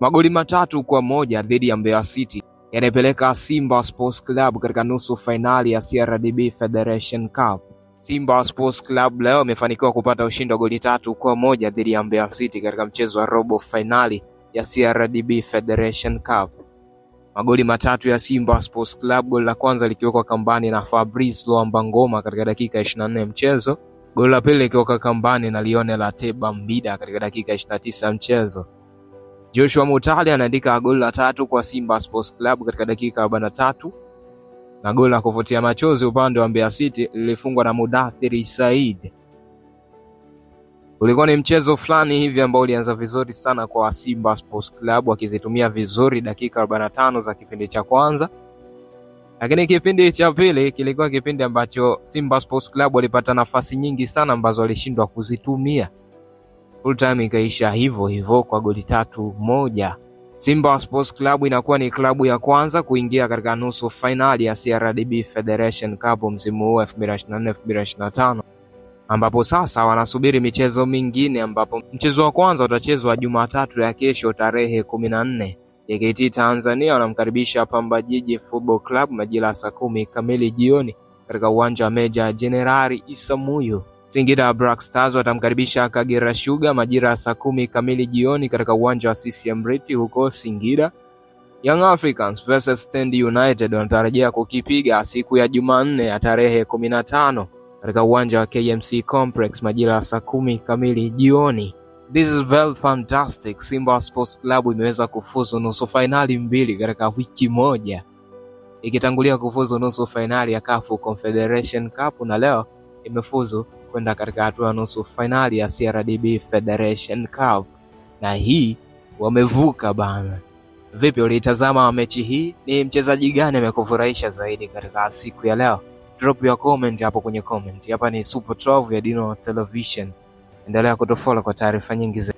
magoli matatu kwa moja dhidi ya Mbeya City yanayepeleka Simba Sports Club katika nusu fainali ya CRDB Federation Cup. Simba Sports Club leo imefanikiwa kupata ushindi wa goli tatu kwa moja dhidi ya Mbeya City katika mchezo wa robo fainali ya CRDB Federation Cup. Magoli matatu ya Simba Sports Club, goli la kwanza likiwekwa kambani na Fabrice Luamba Ngoma katika dakika 24 ya mchezo, goli la pili likiwekwa kambani na Lionel Ateba Mbida katika dakika 29 ya mchezo. Joshua Mutale anaandika goli la tatu kwa Simba Sports Club katika dakika 43 na tatu na goli la kuvutia machozi upande wa Mbeya City lilifungwa na Mudathiri Said. Ulikuwa ni mchezo fulani hivi ambao ulianza vizuri sana kwa Simba Sports Club wakizitumia vizuri dakika 45 za kipindi cha kwanza, lakini kipindi cha pili kilikuwa kipindi ambacho Simba Sports Club walipata nafasi nyingi sana ambazo walishindwa kuzitumia. Full time ikaisha hivyo hivyo kwa goli tatu moja. Simba Sports Club inakuwa ni klabu ya kwanza kuingia katika nusu fainali ya CRDB Federation Cup msimu huu 2024-2025 ambapo sasa wanasubiri michezo mingine, ambapo mchezo wa kwanza utachezwa Jumatatu ya kesho tarehe 14. JKT Tanzania wanamkaribisha Pamba Jiji Football Club majira saa kumi kamili jioni katika uwanja wa Meja Jenerali Isamuyo. Singida Black Stars watamkaribisha Kagera Sugar majira ya saa kumi kamili jioni katika uwanja wa CCM Riti huko Singida. Young Africans vs Stand United wanatarajia kukipiga siku ya Jumanne ya tarehe 15 katika uwanja wa KMC Complex majira ya saa kumi kamili jioni. This is very fantastic. Simba Sports Club imeweza kufuzu nusu fainali mbili katika wiki moja ikitangulia kufuzu nusu fainali ya CAF Confederation Cup na leo imefuzu kwenda katika hatua ya nusu fainali ya CRDB Federation Cup, na hii wamevuka bana. Vipi, uliitazama mechi hii? Ni mchezaji gani amekufurahisha zaidi katika siku ya leo? Drop your comment hapo kwenye comment. Hapa ni Super 12 ya Dino Television, endelea kutufollow kwa taarifa nyingi zaidi.